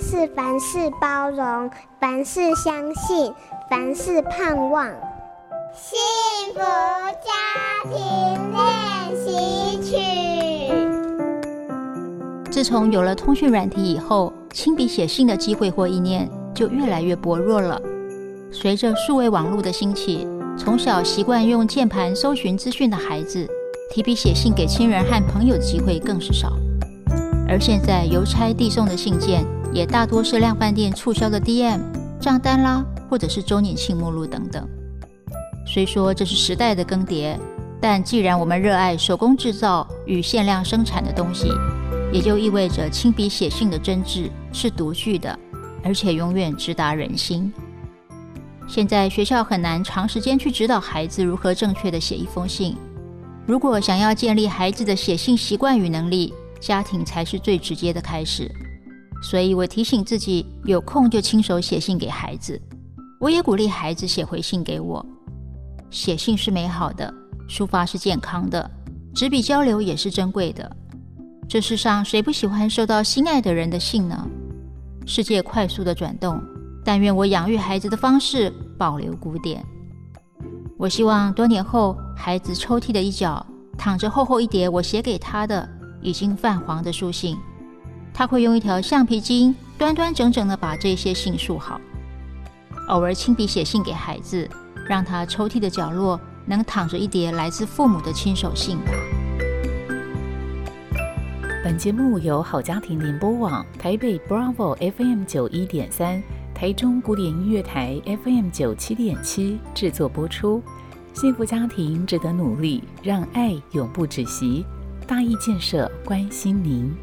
是凡事包容，凡事相信，凡事盼望。幸福家庭練習曲。自從有了通訊軟體以後，親筆寫信的機會或意念就越來越薄弱了。隨着數位網絡的興起，從小習慣用鍵盤搜尋資訊的孩子，提筆寫信給親人和朋友的機會更是少。而現在郵差遞送的信件，也大多是量販店促銷的 DM 賬單啦，或者是周年慶目錄等等。雖說這是時代的更迭，但既然我們熱愛手工制造與限量生產的東西，也就意味着親筆寫信的真摯是獨具的，而且永遠直達人心。現在學校很難長時間去指導孩子如何正確的寫一封信。如果想要建立孩子的寫信習慣與能力，家庭才是最直接的開始。所以我提醒自己，有空就親手寫信給孩子。我也鼓勵孩子寫回信給我。寫信是美好的，抒發是健康的，紙筆交流也是珍貴的。這世上誰不喜歡收到心愛的人的信呢？世界快速的轉動，但願我養育孩子的方式保留古典。我希望多年後，孩子抽屜的一角，躺着厚厚一疊我寫給他的已經泛黃的書信。他會用一條橡皮筋端端正正的把這些信束好，偶爾親筆寫信給孩子，讓他抽屜的角落能躺着一疊來自父母的親手信吧。本節目由好家庭聯播網、台北 Bravo FM 九一點三、台中古典音樂台 FM 九七點七製作播出。幸福家庭值得努力，讓愛永不止息。大義建設關心您。